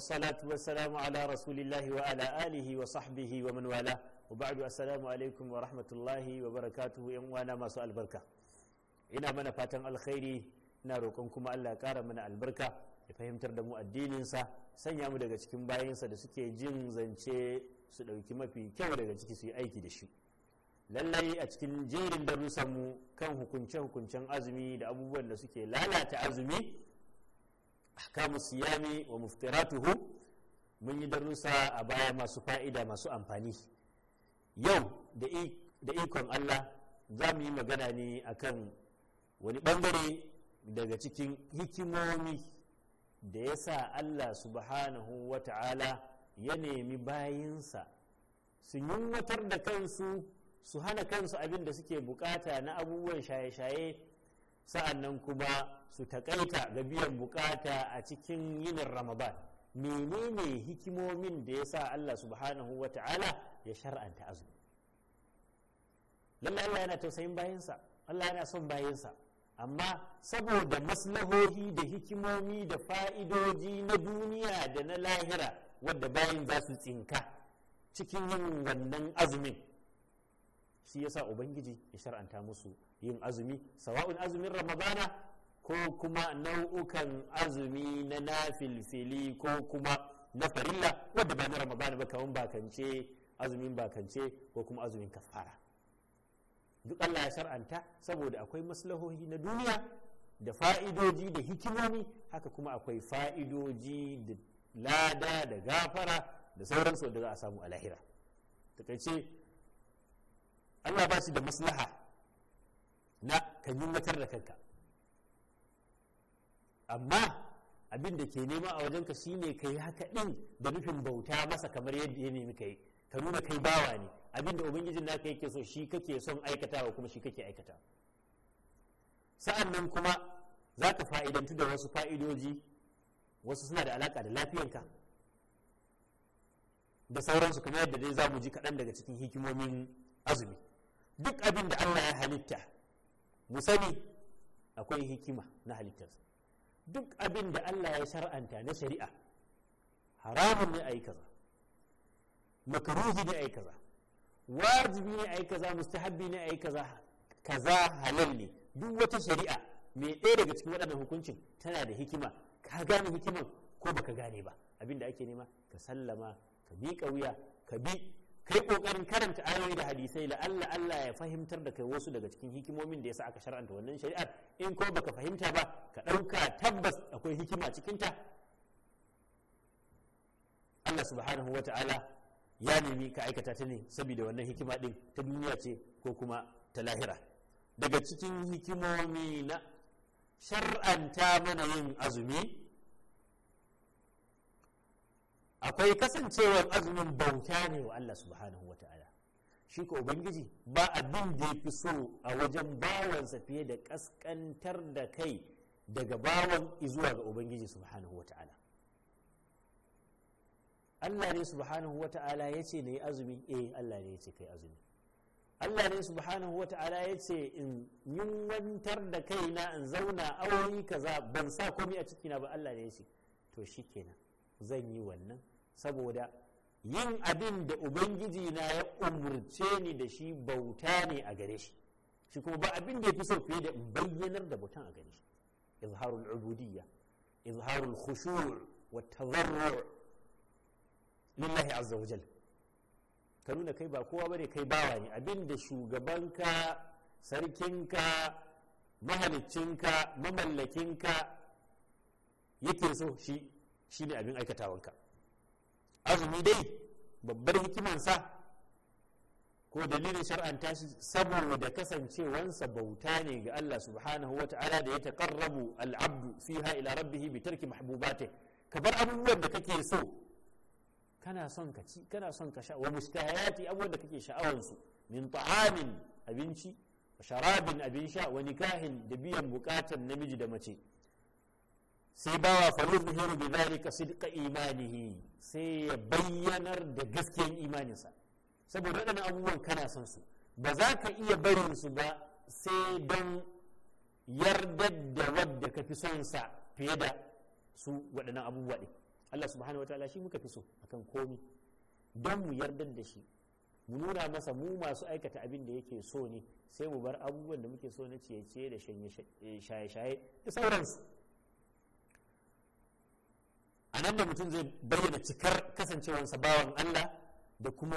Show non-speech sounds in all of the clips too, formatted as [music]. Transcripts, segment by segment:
والصلاة والسلام على رسول الله وعلى آله وصحبه ومن والاه وبعد السلام عليكم ورحمة الله وبركاته uwana وانا ما سؤال mana إنا من فاتن الخير kuma Allah الله كار من البركة fahimtar da mu addininsa sanya mu daga cikin bayansa da suke jin zance su ɗauki mafi kyau daga ciki su yi aiki da shi lallai a cikin jerin darussanmu kan hukunce-hukuncen azumi da abubuwan da suke lalata azumi ahkamu siyami wa muftiratuhu mun yi darussa a baya masu fa'ida masu amfani yau da ikon Allah za mu yi magana ne akan wani bangare daga cikin hikimomi da ya sa Allah subhanahu wa ta'ala ya nemi bayinsa su yunwatar da kansu su hana kansu abin da suke bukata na abubuwan shaye-shaye sa'annan kuma su taƙaita ga biyan bukata a cikin yinin ramadan menene hikimomin da ya sa allah subhanahu wa ta'ala ya shar'anta azumi lallai allah yana tausayin bayansa allah yana son bayansa amma saboda maslahohi da hikimomi da fa'idoji na duniya da na lahira wadda bayan za su tsinka cikin yin wannan azumin shi yasa ubangiji ya shar'anta musu yin azumi sawa'un azumin ramadana ko kuma nau'ukan azumi na nafilfili ko kuma na farilla wadda ba na ramadana ba kamar bakance azumin bakance ko kuma azumin kafara duk Allah ya shar'anta saboda akwai maslahohi na duniya da fa'idoji da hikimomi haka kuma akwai fa'idoji da lada da gafara da sauransu da za a samu a lahira Allah ba shi da maslaha na ka matar da kanka amma abin da ke nema a wajenka shi ne ka yi haka ɗin da nufin bauta masa kamar yadda ya nemi ka yi ka nuna kai bawa ne abin da ubangijin naka yake so shi kake son aikatawa kuma shi kake aikata sa'an nan kuma za ka fa'idantu da wasu fa'idoji wasu suna da alaka da lafiyanka da sauransu kamar yadda dai za mu ji kaɗan daga cikin hikimomin azumi duk abin da Allah ya halitta mu sani akwai hikima na halittarsa duk abin da Allah ya shar'anta na shari'a haramun ne a yi kaza makaruhi ne a yi kaza wajibi ne a yi kaza mustahabbi ne a yi kaza kaza halal ne duk wata shari'a mai ɗaya daga cikin waɗannan hukuncin tana da hikima ka gane hikiman ko baka gane ba abin da ake nema ka sallama ka miƙa ƙauya ka bi kai kokarin karanta ayoyi da hadisai la Allah Allah ya fahimtar da kai wasu daga cikin hikimomin da yasa aka shar'anta wannan shari'ar in ko baka fahimta ba ka ɗauka tabbas akwai hikima cikin ta Allah subhanahu wata'ala ya nemi ka aikata ta ne saboda wannan hikima din ta duniya ce ko kuma ta lahira daga cikin hikimomi na shar'anta mana yin azumi akwai kasancewar azumin bauta ne wa Allah subhanahu wa ta'ala shi ko ubangiji ba abin da ya fi so a wajen bawansa fiye da kaskantar da kai daga bawan zuwa ga ubangiji subhanahu wa ta'ala Allah ne subhanahu wa ta'ala ya ce na yi azumi eh Allah ne ya ce kai azumi Allah ne subhanahu wa ta'ala ya ce in yiwantar da kai na in zauna aure kaza ban sa komai a cikina ba Allah ne ya ce to shikenan zan yi wannan saboda yin abin da ubangiji na ya umurce ni da shi bauta ne a gare shi shi kuma ba abin da ya fi so fiye da in bayyanar da bautan a gare shi izharul ubudiyya izharul khushu' wa tadarru' lillahi azza wa ka nuna kai ba kowa bane kai bawa ne abin da shugabanka sarkinka mahaliccinka mamallakinka yake so shi shine abin aikatawanka azumi dai babbar hikimansa ko dalilin shar'anta shi saboda kasancewansa bauta ne ga Allah subhanahu wa ta'ala da ya taqarrabu al'abdu fiha ila rabbihi bi tarki mahbubati ka bar abubuwan da kake so kana son ka ci kana son ka sha wa abubuwan da kake sha'awan su min ta'amin abinci sharabin abin sha wa nikahin da biyan bukatan namiji da mace sai bawa falus zuhiru bi zalika sidqa imanihi sai ya bayyanar da gaskiyar imaninsa saboda waɗannan abubuwan kana son su ba za ka iya barin su ba sai don yardar da wadda ka fi son sa fiye da su waɗannan abubuwa ɗin Allah subhanahu wataala shi muka fi so akan komi don mu yardar da shi mu nuna masa mu masu aikata abin da yake so ne sai mu bar abubuwan da muke so na ciye-ciye da shaye-shaye da sauransu a nan da mutum zai bayyana cikar kasancewarsa bawan Allah da kuma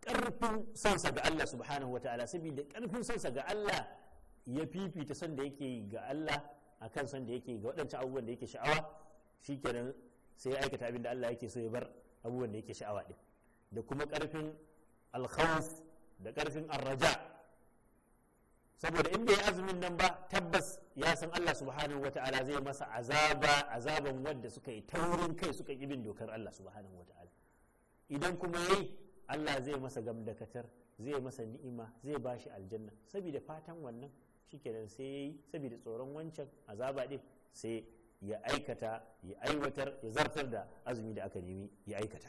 ƙarfin sonsa ga Allah subhanahu wa ta'ala saboda ƙarfin sonsa ga Allah ya fifita son da yake ga Allah akan son da yake ga waɗancan abubuwan da yake sha'awa shi kenan sai ya aikata abin da Allah yake so ya bar abubuwan da yake sha'awa din da kuma ƙarfin alkhawuf da ƙarfin arraja saboda in bai azumin nan ba tabbas ya san Allah subhanahu wata'ala zai masa azaba azaban wanda suka yi taurin kai suka ki bin dokar Allah subhanahu wata'ala idan kuma yayi Allah zai masa gamdakatar zai masa ni'ima zai ba shi aljanna saboda fatan wannan shikenan sai yayi saboda tsoron wancan azaba din sai ya aikata ya aiwatar ya zartar da azumi da aka nemi ya aikata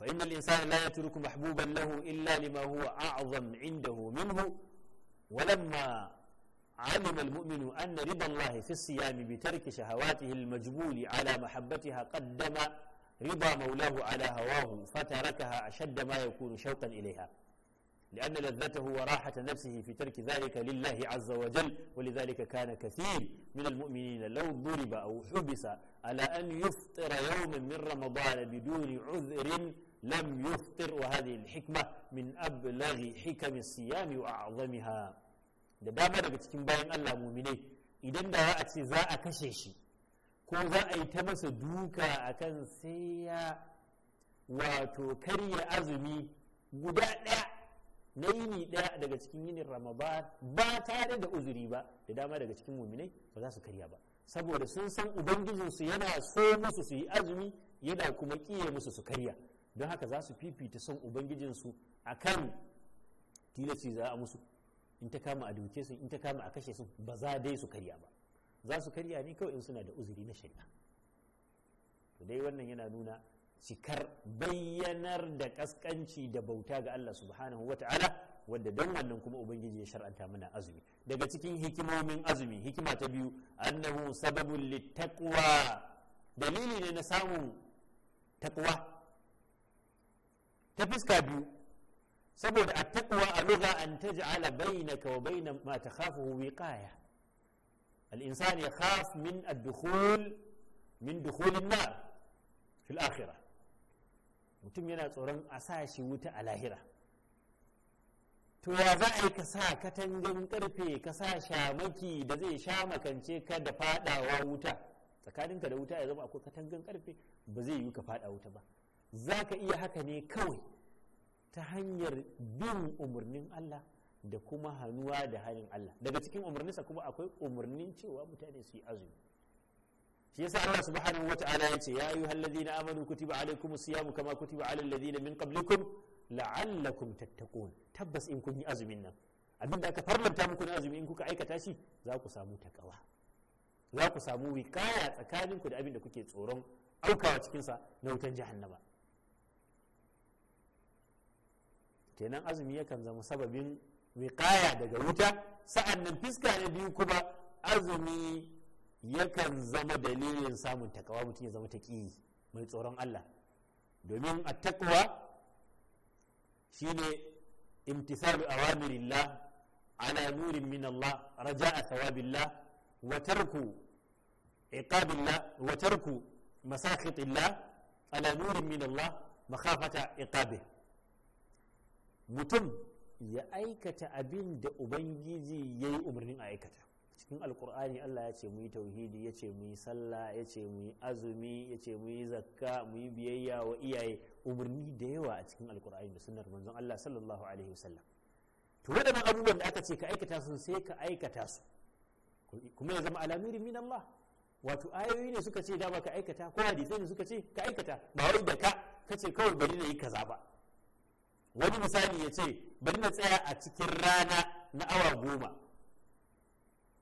فإن الإنسان لا يترك محبوبا له إلا لما هو أعظم عنده منه ولما علم المؤمن أن رضا الله في الصيام بترك شهواته المجبول على محبتها قدم رضا مولاه على هواه فتركها أشد ما يكون شوقا إليها لأن لذته وراحة نفسه في ترك ذلك لله عز وجل ولذلك كان كثير من المؤمنين لو ضرب أو حبس على أن يفطر يوما من رمضان بدون عذر لم يفطر وهذه الحكمة من أبلغ حكم الصيام وأعظمها da dama daga cikin bayan Allah muminai idan da a ce za a kashe shi ko za a yi ta masa duka akan sai ya wato karya azumi guda ɗaya na yini ɗaya daga cikin yinin ramadan ba tare da uzuri ba da dama daga cikin muminai ba za su karya ba saboda sun san ubangijinsu yana so musu su yi azumi yana kuma kiye musu su karya don haka za su fifita son ubangijinsu a kan tilasti za a musu in ta kama a duke su in ta kama a kashe su ba za dai su karya ba za su karya ne kawai in suna da uzuri na shari'a to dai wannan yana nuna cikar bayyanar da kaskanci da bauta ga Allah subhanahu wata'ala wadda don wannan kuma ubangiji ya shar'anta mana azumi daga cikin hikimomin azumi hikima ta biyu annahu sababul litaqwa dalili ne na samun taqwa ta fuska biyu saboda a takuwa a lugha an ala bainaka wa baina ma takhafuhu wiqaya al-insan yakhaf min ad-dukhul min dukhul an-nar fi mutum yana tsoron a sa shi wuta a lahira to ya za a yi ka sa katangan karfe ka sa shamaki da zai sha makance ka da fadawa wuta tsakaninka da wuta ya zama akwai katangan karfe ba zai yi ka fada wuta ba za ka iya haka ne kawai ta hanyar bin umarnin Allah da kuma hannuwa da hannun Allah daga cikin umarninsa kuma akwai umarnin cewa mutane su yi azumi shi yasa Allah subhanahu wata'ala ya ce ya ayu alladhina amanu kutiba alaykumus siyamu kama kutiba alal ladina min qablikum la'allakum tattaqun tabbas in kun yi azumin nan Abin da aka farlanta muku na azumi in kuka aikata shi za ku samu takawa za ku samu wikaya tsakaninku da abin da kuke tsoron aukawa cikinsa na wutan jahannama kenan azumi yakan zama sababin wiƙaya daga wuta sa'an nan fiska na biyu kuma azumi yakan zama dalilin samun takawa mutum ya zama taƙi mai tsoron Allah domin a takwa shine imtisalu awamirillah ala nurin min Allah raja'a thawabillah wa watarku iqabillah wa tarku ala nurin min Allah mutum ya aikata abin da ubangiji ya yi umarnin a aikata cikin alkur'ani allah ya ce mu yi tauhidi ya ce mu yi sallah ya ce mu yi azumi ya ce mu yi zakka mu yi biyayya wa iyaye umarni da yawa a cikin alkur'ani da sunar manzon allah sallallahu alaihi wasallam to waɗannan abubuwan da aka ce ka aikata su sai ka aikata su kuma ya zama alamirin min allah wato ayoyi ne suka ce da ba ka aikata ko hadisai ne suka ce ka aikata ba wai da ka kace kawai bari na yi kaza ba wani misali ya ce bari na tsaya a cikin rana na awa goma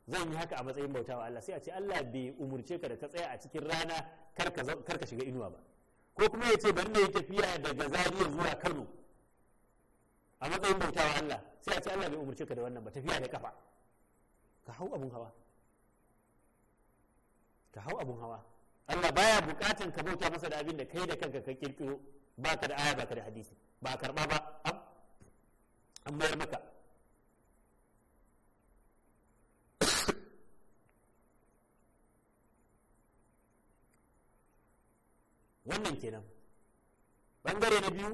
zan yi haka a matsayin bauta wa Allah sai a ce Allah bai umurce ka da ka tsaya a cikin rana kar ka shiga inuwa ba ko kuma ya ce bari na yi tafiya daga Zariya zuwa Kano a matsayin bauta wa Allah sai a ce Allah bai umurce ka da wannan ba tafiya da kafa ka hau abun hawa ka hau abun hawa Allah baya bukatan ka bauta masa da abin da kai da kanka ka kirkiro baka da aya baka da hadisi ba a karɓa ba an mayar maka [coughs] wannan kenan Ɓangare na biyu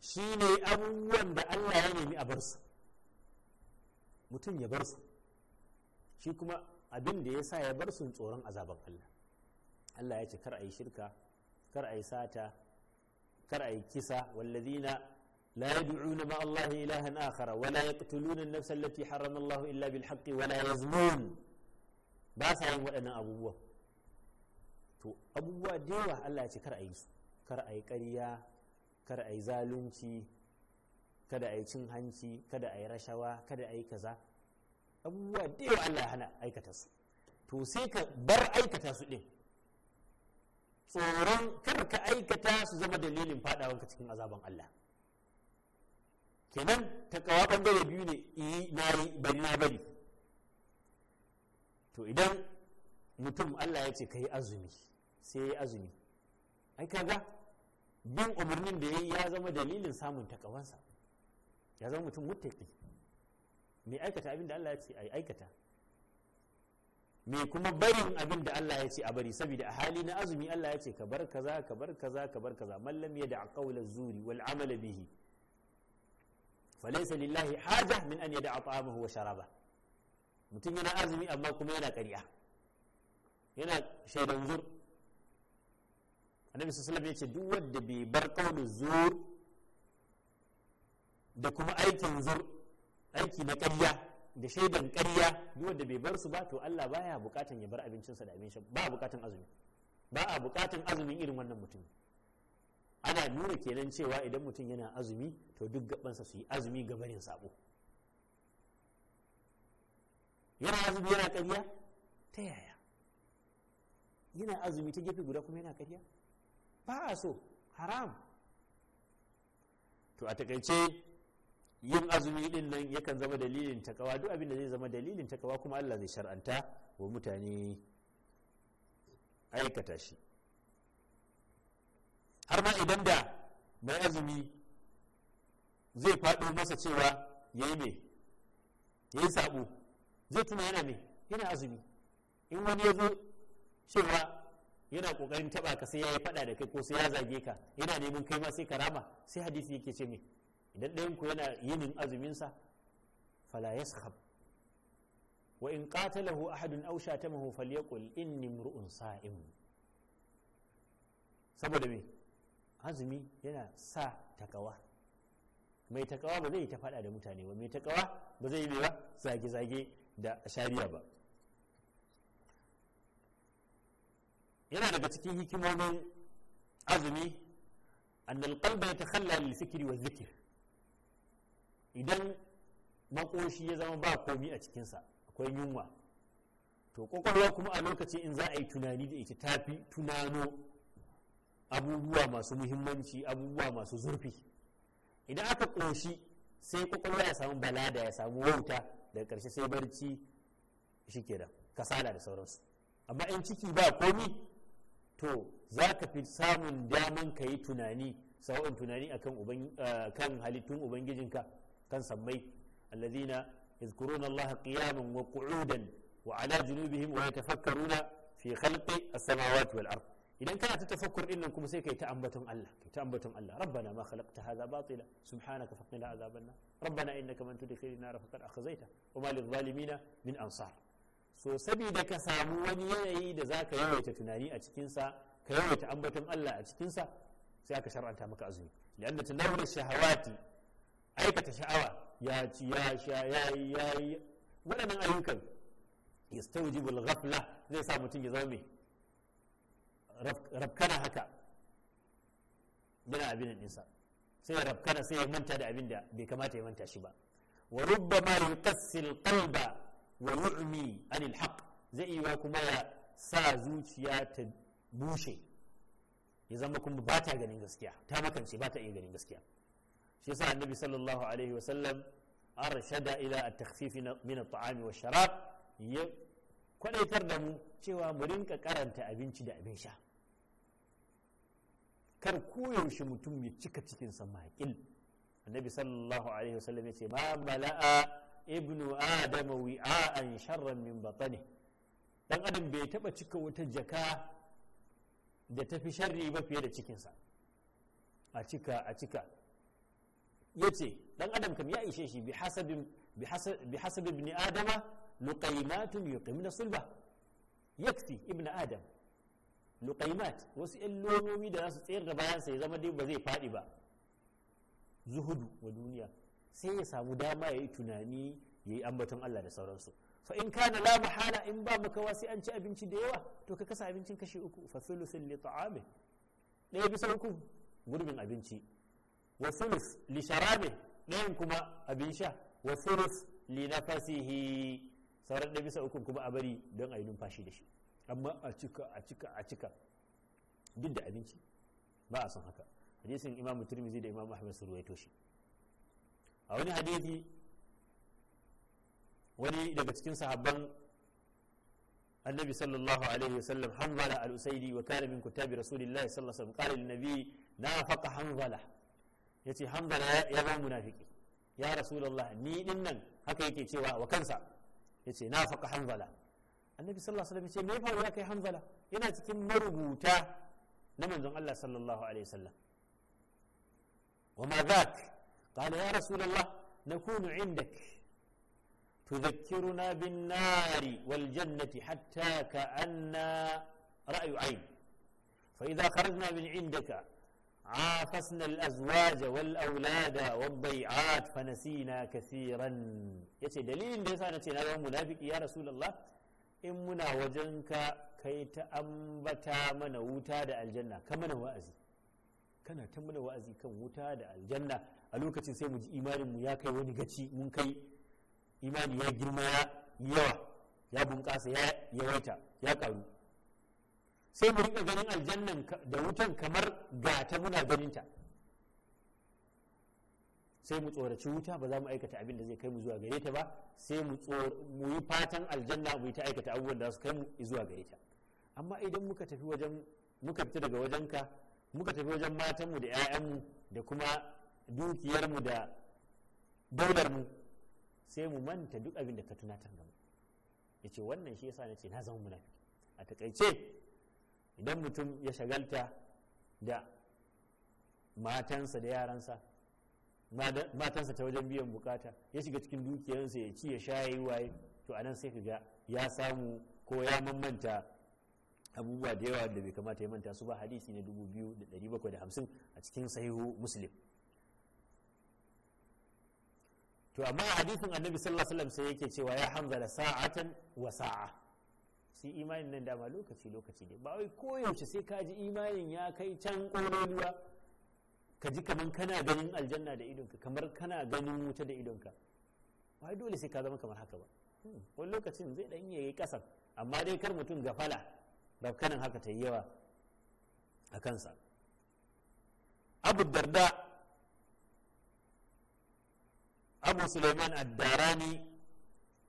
shi ne abubuwan da Allah ya nemi a barsa mutum ya barsa shi kuma abin da ya sa ya bar tsoron azaban Allah Allah ya ce kar a yi shirka kar a yi sata kar a yi kisa wallazina la yad'una ma Allah ilahan akhara wa la yaqtuluna an-nafsa allati harrama Allah illa bil haqqi wa la yazmun ba sa yin waɗannan abubuwa to abubuwa da yawa Allah ya ce kar a yi su kar a yi ƙarya kar a yi zalunci kada a yi cin hanci kada a yi rashawa kada a yi kaza abubuwa da yawa Allah hana aikata su to sai ka bar aikata su din tsoron kar ka aikata su zama dalilin fadawanka cikin azaban Allah kenan kawo bangare biyu ne yi na yi bari na bari to idan mutum Allah ya ce ka yi azumi sai ya yi azumi ai kaga bin umarnin da ya yi ya zama dalilin samun takawansa ya zama mutum mutaki mai aikata abin da Allah ya ce ai aikata me kuma barin abin da Allah ya ce a bari saboda a hali na azumi Allah ya ce ka bar kaza ka bar kaza ka bar kaza man lam yada qawla zuri wal amala bihi falaysa lillahi haja min an yada ta'amahu wa sharaba mutum yana azumi amma kuma yana ƙarya yana shaidan zur annabi sallallahu ya ce duk wanda bai bar qawlu zur da kuma aikin zur aiki na ƙarya da shaidan ƙarya duk wanda bai bar su ba to Allah baya bukatan ya bar sa da abin ba bukatan azumi ba a bukatan azumin irin wannan mutum ana nuna kenan cewa idan mutum yana azumi to duk sa su yi azumi ga barin sabo yana azumi yana ƙarya ta yaya yana azumi ta gefe guda kuma yana ƙarya ba a so haram to a takaice yin azumi din nan yakan zama dalilin takawa duk abin da zai zama dalilin takawa kuma Allah zai shar'anta wa mutane aikata shi har ma idan da mai azumi zai faɗo masa cewa ya yi me ya sabo zai tuna yana ne yana azumi in wani ya zo cewa yana kokarin taba ka sai ya yi faɗa da kai ko sai ya zage ka yana neman kai ma sai karama sai hadisi yake ce me idan ɗayan ku yana yinin azuminsa fala yaskhab wa in qatalahu ahadun aw shatamahu falyaqul inni imru'un sa'im saboda me azumi yana sa takawa mai takawa ba zai ta fada da mutane ba mai takawa ba zai yi ba zage-zage da shari'a ba yana daga cikin hikimomin azumi annal qalba yatakhalla lil fikri wa dhikr idan makoshi ya zama ba komi a cikinsa akwai yunwa to kwakwalwa kuma a lokacin in za a yi tunani da ita tafi tunano abubuwa masu muhimmanci abubuwa masu zurfi idan aka ƙoshi sai kwakwalwa ya samu balada ya samu wauta daga ƙarshe sai barci shi kenan kasala da sauransu amma in ciki ba komi to za ka fi samun daman ka yi tunani sawa'in tunani akan kan halittun ubangijinka kan sammai alladhina yadhkuruna Allah qiyaman wa qu'udan wa ala junubihim wa yatafakkaruna fi khalqi as-samawati wal ard idan kana ta tafakkur din nan kuma sai kai ta ambaton Allah kai ta ambaton Allah rabbana ma khalaqta hadha batila subhanaka faqina azaban nar rabbana innaka man tudkhilin nar faqad akhzaita wa ma lil zalimin min ansar so sabida ka samu wani yanayi da zaka yawaita tunani a cikin sa ka yawaita ambaton Allah a cikin sa sai aka shar'anta maka azumi li'anna tanawwur shahawati aikata sha'awa ya ci ya sha ya yi ya yi waɗannan ayyukan yastawjibul ghafla zai sa mutum ya zama mai rabkana haka yana abin da nisa sai ya rabkana sai ya manta da abin da bai kamata ya manta shi ba wa rubbama yuqassil qalba wa yu'mi anil haqq zai iya kuma ya sa zuciya ta bushe ya zama kuma ba ta ganin gaskiya ta makance ba ta iya ganin gaskiya shi yasa annabi sallallahu alaihi wasallam arshada ila at-takhfif min at-ta'am wa sharaf? ya kwadaitar da mu cewa mu rinka karanta abinci da abin sha kar koyaushe mutum ya cika cikin sa annabi sallallahu alaihi wasallam ya ce ma mala'a ibnu adama wi'a'an sharran min batani dan adam bai taɓa cika wata jaka da tafi sharri ba fiye da cikinsa a cika a cika yace dan adam kam ya ishe shi bi adama luqaymatun yuqimna sulba yakfi ibn adam luqaymat wasu yan lomomi da zasu tsayar da bayan ya zama dai ba zai fadi ba zuhudu wa duniya sai ya samu dama yayi tunani yayi ambaton Allah da sauransu fa in kana la mahala in ba maka wasi an ci abinci da yawa to ka kasa abincin kashi uku fa li ta'ami ɗaya bisa uku gurbin abinci wa sulus li sharabi ɗayan kuma abin sha wa sulus li nafasihi sauran da bisa ukun kuma a bari don a yi numfashi da shi amma a cika a cika a cika duk da abinci ba a son haka hadisin imam turmizi da imam ahmad sun ruwaito shi a wani hadisi wani daga cikin sahabban النبي صلى الله عليه وسلم حنظلة الأسيدي وكان من كتاب رسول الله صلى الله عليه وسلم قال للنبي نافق حنظلة yace hanzala ya ba munafiki ya rasulullah ni din nan haka yake cewa wa kansa yace na faka hanzala annabi sallallahu alaihi wasallam yace me ya kai hanzala yana cikin marubuta na manzon Allah sallallahu alaihi wasallam wa ma dhak qala ya rasulullah nakunu indak تذكرنا بالنار والجنة حتى كأننا رأي عين فإذا خرجنا من عندك عافسنا الأزواج والأولاد والضيعات فنسينا كثيرا يتي دليل ليس أنا تينا منافق يا رسول rasulallah in muna wajenka kai ta ambata mana wuta da aljanna ka mana wa'azi kan wuta da aljanna a lokacin sai mu ji imanin ya kai wani gaci mun kai imani ya girma ya yawa ya bunƙasa ya yawaita ya ƙaru. sai mu rika ganin aljannan da wutan kamar gata muna ganin ta sai mu tsoraci wuta ba za mu aikata abin da zai kai mu zuwa gare ta ba sai mu yi fatan aljanna mu yi ta aikata abubuwan da su kai mu zuwa gare ta amma idan muka tafi wajen muka fita daga wajen ka muka tafi wajen matanmu da 'ya'yanmu da kuma dukiyarmu da daularmu sai mu manta duk abin da ka tunatar da mu ya wannan shi yasa na ce na zama munafiki a takaice don mutum ya shagalta da matansa da yaransa matansa ta wajen biyan bukata ya shiga cikin dukiyarsa ya ci ya sha ya yi waye to anan sai kaga ya samu ko ya mamanta abubuwa da yawa da bai kamata ya manta su ba hadisi na 2750 a cikin sahihu muslim to amma hadisin annabi sallallahu alaihi wasallam sai yake cewa ya hanzala sa'atan wa sa'a su imanin nan dama lokaci lokaci ne ba wai koyaushe sai ka ji imanin ya kai can ƙololuwa ka ji kamar kana ganin aljanna da idonka kamar kana ganin wuta da idonka ba dole sai ka zama kamar haka ba hmm, wani lokacin zai dan yi kasan amma dai kar mutum ga fala rafkanin haka ta yi yawa a kansa abu darda abu suleiman ad-darani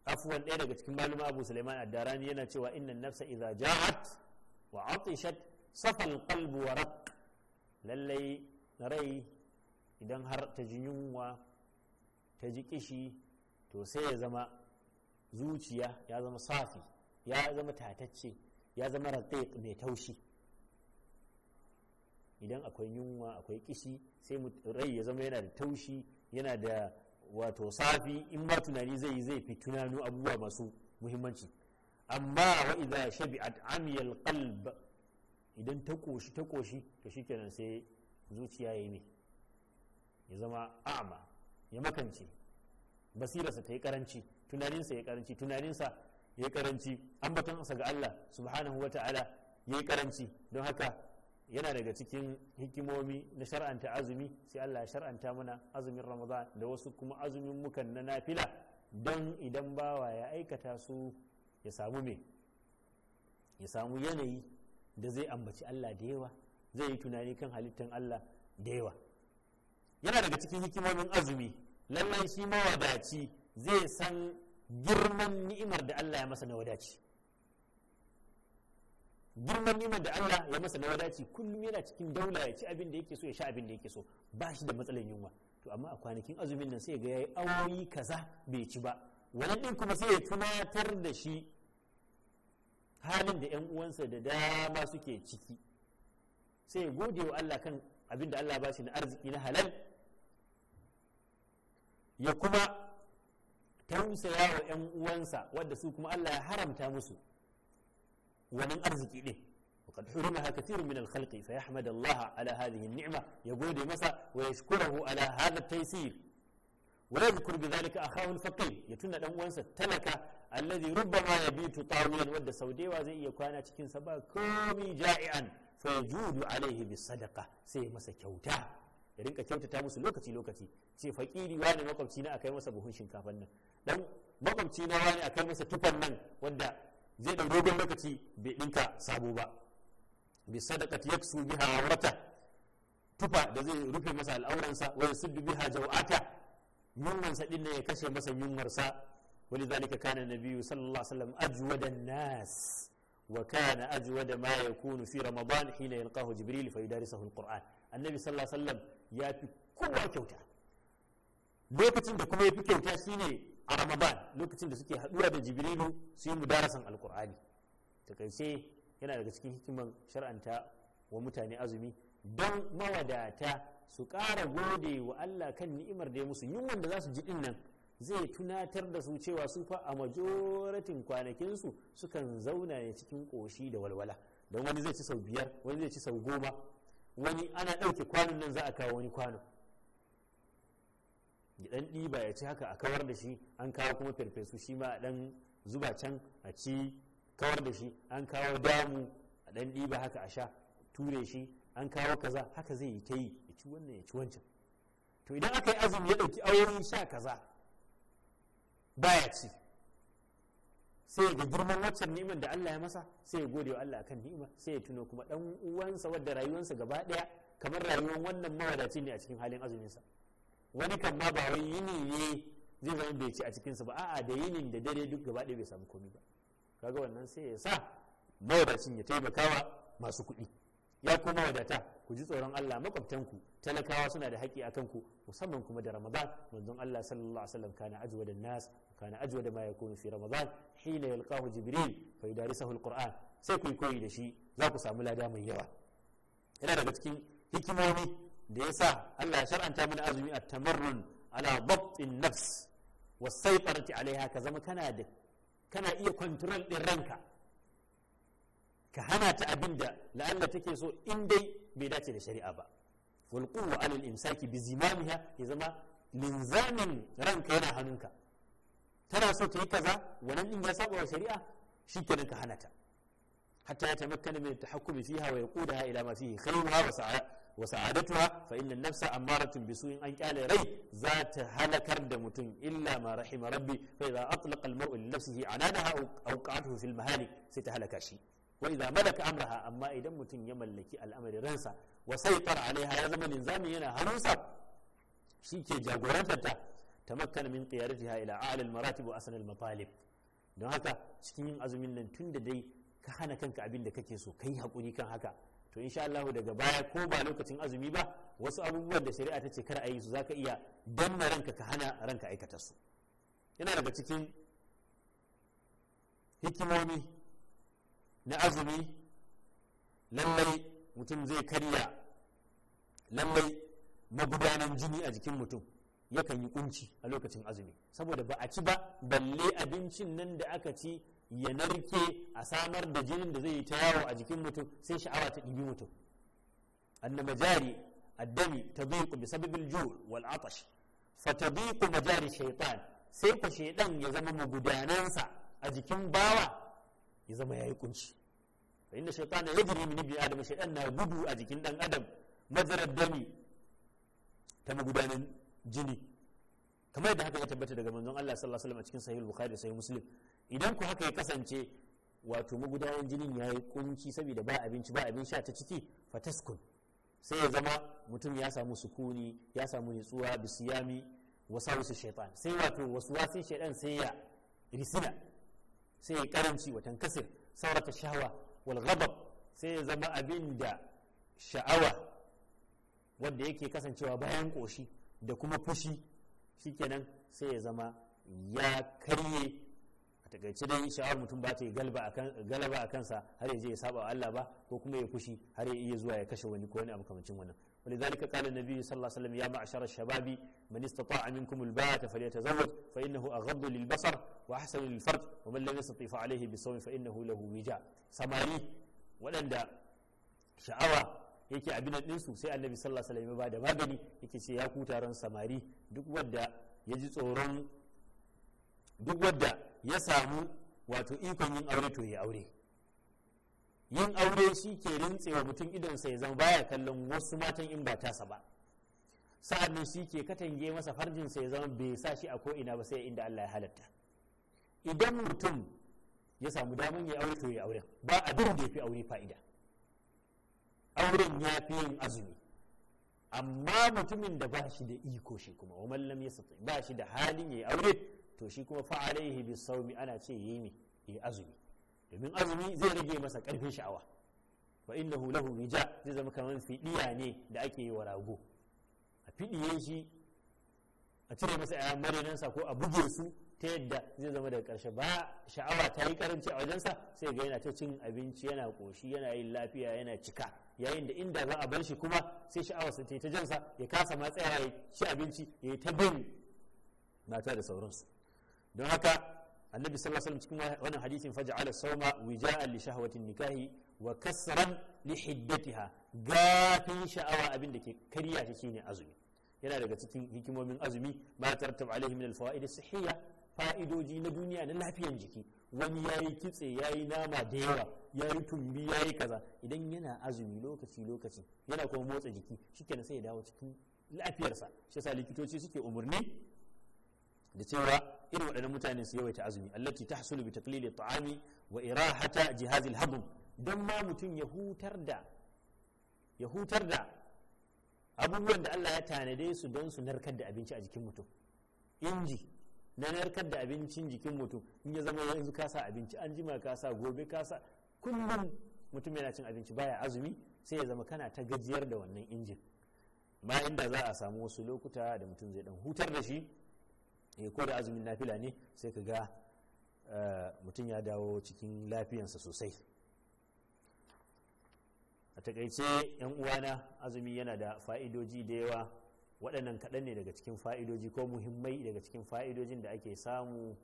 afuwan ɗaya daga cikin maluma abu suleiman addarani yana cewa innan nafsa idza ja'at wa atishat safal qalbu wa raq lallai rai idan har ta ji yunwa ta ji kishi to sai ya zama zuciya ya zama safi ya zama tatacce ya zama raqiq mai taushi idan akwai yunwa akwai kishi sai rai ya zama yana da taushi yana da wato safi in ba tunani zai yi zai fi tunanu abubuwa masu muhimmanci amma wa idza shabi'at amiyal qalb idan ta koshi ta koshi to shikenan sai zuciya yayi ne ya zama a'ma ya makance basirarsa ta yi karanci tunaninsa ya karanci tunaninsa ya karanci sa ga Allah subhanahu wa ta'ala ya yi karanci don haka yana daga cikin hikimomi na shar'anta azumi sai Allah ya shar'anta mana azumin ramadan da wasu kuma azumin mukan na nafila don idan bawa ya aikata su ya samu me ya samu yanayi da zai ambaci Allah da yawa zai yi tunani kan halittan Allah da yawa yana daga cikin hikimomin azumi lallai shi mawadaci zai san girman ni'imar da Allah ya masa na wadaci girman neman da Allah ya masa na wadaci kullum yana cikin daula ya ci abin da yake so ya sha abin da yake so ba shi da matsalan yunwa to amma a kwanakin azumin nan sai ga yayi awoyi kaza bai ci ba wannan din kuma sai ya tunatar da shi halin da yan uwansa da dama suke ciki sai ya gode wa Allah kan abin da Allah ba shi na arziki na halal ya kuma tausaya wa yan uwansa wadda su kuma Allah ya haramta musu wannan arziki din وقد حرمها كثير من الخلق فيحمد الله على هذه النعمة يقول مسا ويشكره على هذا التيسير ويذكر بذلك أخاه الفقير يتنى الأنوانسة تلك الذي ربما يبيت طاويا ود سودي وزي يكون تكين سبا كومي جائعا فيجود عليه بالصدقة سي مسا كوتا يرنك كوتا تامس لوكتي لوكتي سي فقيري وانا مقبتينا أكاي مسا بهون شنكافا dan makwabci na wani akai masa tufan nan wanda zai ɗan dogon lokaci bai ɗinka sabo ba bi sadaqati yaksu biha awrata tufa da zai rufe masa al'auransa wa yusuddu biha jawata yunwan sa dinne ya kashe masa yunwar sa wani zalika kana nabiyyu sallallahu alaihi wasallam ajwada nas wa kana ajwada ma yakunu fi ramadan hina yalqahu jibril fa yudarisahu alquran annabi sallallahu alaihi wasallam ya fi kowa kyauta lokacin da kuma ya fi kyauta shine a ramadan lokacin da suke haduwa da jibrilu su yi mudarasan alkur'ani kaice yana daga cikin hikiman shar'anta wa mutane azumi don mawadata su ƙara gode wa Allah kan ni'imar da ya musu yunwan da za su ji din nan zai tunatar da su cewa su fa a majoratin kwanakinsu sukan zauna ne cikin ƙoshi da walwala don wani zai ci sau biyar wani zai ci sau goma wani ana ɗauke kwanon nan za a kawo wani kwanon ya dan ɗiba ya ci haka a kawar da shi an kawo kuma farfesu shi ma a dan zuba can a ci kawar da shi an kawo damu a dan ɗiba haka a sha ture shi an kawo kaza haka zai yi ta yi ya ci wannan ya ci wancan to idan aka yi azumi ya ɗauki auren sha kaza baya ci sai ga girman waccan ni'imar da Allah ya masa sai ya gode wa Allah akan ni'ima sai ya tuno kuma dan uwansa wadda rayuwarsa gaba daya kamar rayuwar wannan mawadaci ne a cikin halin azuminsa wani kan ma ba wai yini ne zai zama bai ci a cikin su ba a'a da yini da dare duk gaba ɗaya bai samu komai ba kaga wannan sai ya sa mawadacin ya taimakawa masu kuɗi ya kuma wadata ku ji tsoron Allah makwabtanku talakawa suna da haƙƙi akan ku musamman kuma da Ramadan manzon Allah sallallahu alaihi wasallam kana ajwa da nas kana ajwa da ma yakunu fi Ramadan hina yalqahu Jibril fa yudarisahu alquran sai ku koyi da shi za ku samu lada mai yawa yana daga cikin hikimomi da yasa Allah ya shar'anta mana azumi a tamarrun ala dabtin nafs wasaitarati alaiha ka zama kana da kana iya control din ranka ka hana ta abin da la'alla take so in dai bai dace da shari'a ba wal quwwa alal imsaki bi zimamiha ya zama linzamin ranka yana hannunka tana so ta yi kaza wannan din ya saba wa shari'a shikenan ka hana ta hatta ya tamakkana min tahakkumi fiha wa yaqudaha ila ma fihi khairuha wa sa'a wa sa'adatuha fa inna nafsa amaratun bisu in an kyale rai za ta halakar da mutum illa ma rahima rabbi fa idza atlaqa al-mar'u li nafsihi anadaha aw qa'atuhu fil mahalik sai ta halaka shi wa idza malaka amraha amma idan mutum ya mallaki al'amarin ransa wa saytara alaiha ya zama linzami yana hannunsa shi ke jagorantar ta makaramin min qiyaratiha ila a'la al-maratib wa asna al-matalib don haka cikin yin azumin nan tun da dai ka hana kanka abin da kake so ka yi hakuri kan haka to insha Allah daga baya ko ba lokacin azumi ba wasu abubuwan da shari'a ta ce kar a yi su zaka iya danna ranka ka hana ranka aikata su yana daga cikin hikimomi na azumi lallai mutum zai karya lallai magudanan jini a jikin mutum yakan yi kunci a lokacin azumi saboda ba a ci ba balle abincin nan da aka ci ya narke a samar da jinin da zai yi ta yawo a jikin mutum sai sha'awa ta ɗibi mutum annama jari addami tadhiqu bi sababil ju' wal atash fa tadhiqu majari shaiɗan sai ku shaydan ya zama magudanansa a jikin bawa ya zama yayi kunci fa shaitan ya jiri mini ibni adam na gudu a jikin ɗan adam majarar dami ta magudanan jini kamar yadda haka ya tabbata daga manzon Allah sallallahu alaihi wasallam a cikin sahih bukhari da sahih muslim idan ku haka ya kasance wato magudanan jinin ya yi kunci saboda ba abinci ba abin sha ta ciki fataskun sai ya zama mutum ya samu sukuni ya samu nutsuwa bisiyami wasu shaitan sai wato wasu wasin shaitan sai ya risina sai ya karanci watan kasir saurata shawa wal ghadab sai ya zama abin da sha'awa wanda yake kasancewa bayan koshi da kuma fushi kenan sai ya zama ya karye a takaice dai sha'awar mutum bata ta yi galaba a kansa har ya je ya saba wa Allah ba ko kuma ya fushi har ya iya zuwa ya kashe wani ko wani abu kamancin wannan wani zalika ka kala nabi sallallahu alaihi wasallam ya ma'ashara shababi man istata aminkum al-ba'a fa liyatazawwaj fa a aghaddu lil-basar wa ahsanu lil wa man lam yastati fa alayhi fa innahu lahu wija samari waɗanda sha'awa yake abin din su sai annabi sallallahu alaihi wasallam ba da magani yake ce ya kuta ran samari duk wanda ya ji tsoron duk wanda ya samu wato ikon yin aure to ya aure yin aure shi ke rintsewa mutum idon sa ya zama baya kallon wasu matan in ba tasa ba sa'annan shi ke katange masa sa ya zama bai sa shi a ko ina ba sai inda Allah ya halatta idan mutum ya samu daman ya aure to ya aure ba abin da ya fi aure fa'ida auren ya fi yin azumi amma mutumin da ba shi da iko shi kuma wa mallam ya sata ba shi da halin ya yi aure to shi kuma fa alaihi bi saumi ana ce yayi me azumi domin azumi zai rage masa karfin sha'awa fa innahu lahu wija zai zama kamar fiɗiya ne da ake yi wa rago a fidiye shi a cire masa ayan marinansa ko a buge su ta yadda zai zama daga karshe ba sha'awa ta yi karanci a wajensa sai ga yana ta cin abinci yana koshi yana yin lafiya yana cika yayin da inda za a bar shi kuma sai sha'awarsa ta ta jansa ya kasa ma tsaya ya ci abinci ya ta bin mata da sauransu don haka annabi sallallahu alaihi wasallam cikin wannan hadisin faja'ala sawma wija'an li shahwatin nikahi wa kasran li hiddatiha gafin sha'awa abin da ke karya ta shine azumi yana daga cikin hikimomin azumi ma tartab alaihi min al-fawaid as-sihhiyya fa'idoji na duniya na lafiyar jiki wani yayi kitse yayi nama da yawa yayi tumbi yayi kaza idan yana azumi lokaci lokaci yana kuma motsa jiki shikenan sai ya dawo cikin lafiyarsa shi yasa likitoci suke umarni? da cewa irin waɗannan mutane su yawaita azumi allati tahsulu bi taqlili ta'ami wa irahata al habm dan ma mutum ya hutar da ya hutar da abubuwan da Allah ya tanade su don su narkar da abinci a jikin mutum inji na narkar da abincin jikin mutum in ya zama yanzu kasa abinci an jima ka gobe ka sa kullum mutum yana cin abinci baya azumi sai ya zama kana ta gajiyar da wannan injin bayan da za a samu wasu lokuta da mutum zai dan hutar da shi eh, ko da azumin nafila ne sai ka ga eh, mutum ya dawo cikin lafiyansa sosai a takaice yan uwana azumi yana da fa'idoji da yawa waɗannan kaɗan ne daga cikin fa'idoji ko muhimmai daga cikin fa'idojin da ake samu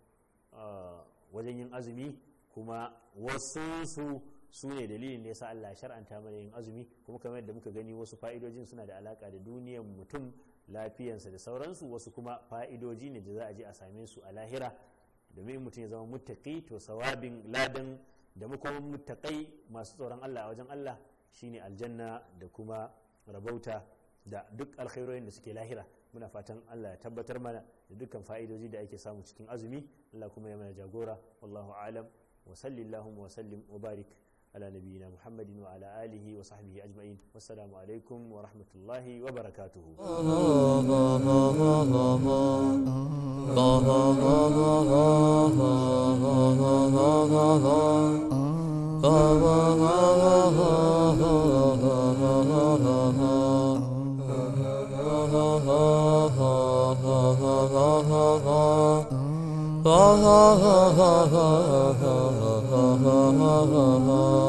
wajen yin azumi kuma wasu su su ne dalilin da ya sa Allah shar'anta mana yin azumi kuma kamar yadda muka gani wasu fa'idojin suna da alaka da duniyar mutum lafiyansa da sauransu wasu kuma fa'idoji ne da za a je a same su a lahira domin mutum ya zama mutaƙi to sawabin ladan da mukamin mutaƙai masu tsoron Allah a wajen Allah shine aljanna da kuma rabauta da duk alkhairoyin da suke lahira muna fatan Allah ya tabbatar mana da dukkan fa'idoji da ake samu cikin azumi Allah kuma ya mana jagora wallahu alam wa sallallahu wa sallim wa barik ala nabiyyina muhammadin wa ala alihi wa sahbihi ajma'in wassalamu alaikum wa rahmatullahi wa barakatuhu ha ha ha